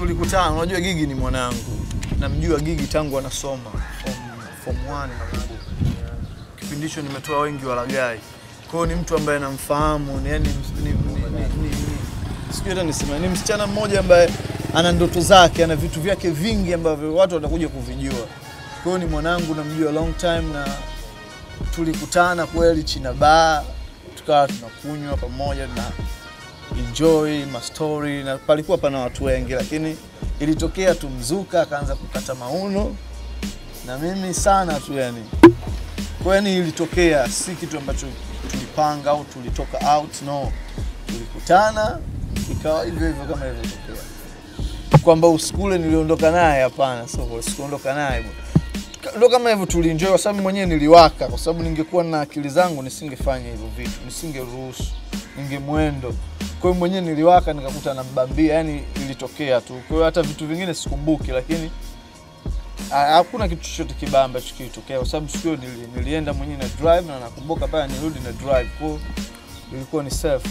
tulikutana, unajua Gigi ni mwanangu, namjua Gigi tangu anasoma form 1 kipindi hicho nimetoa wengi walagai, kwa hiyo ni mtu ambaye namfahamu, yani sijui hata nisema, ni msichana mmoja ambaye ana ndoto zake, ana vitu vyake vingi ambavyo watu watakuja kuvijua. Kwa hiyo ni mwanangu, namjua long time, na tulikutana kweli China baa, tukawa tunakunywa pamoja na enjoy mastori, na palikuwa pana watu wengi, lakini ilitokea tu Mzuka akaanza kukata mauno na mimi sana tu yani. kwani ilitokea, si kitu ambacho tulipanga au tulitoka out, no, tulikutana ikawa hivyo hivyo kama ilivyotokea, kwamba usikule niliondoka naye, hapana, so sikuondoka naye ndo kama hivyo tulienjoy, kwa sababu mwenyewe niliwaka, kwa sababu ningekuwa na akili zangu nisingefanya hivyo vitu, nisingeruhusu, ningemwendo kwa hiyo mwenyewe niliwaka nikakuta nambambia, yani ilitokea tu. Kwa hiyo hata vitu vingine sikumbuki, lakini hakuna kitu chochote kibaya ambacho kilitokea, kwa sababu siku nilienda mwenyewe na drive na nakumbuka pale nirudi na drive, kwa ilikuwa ni safe.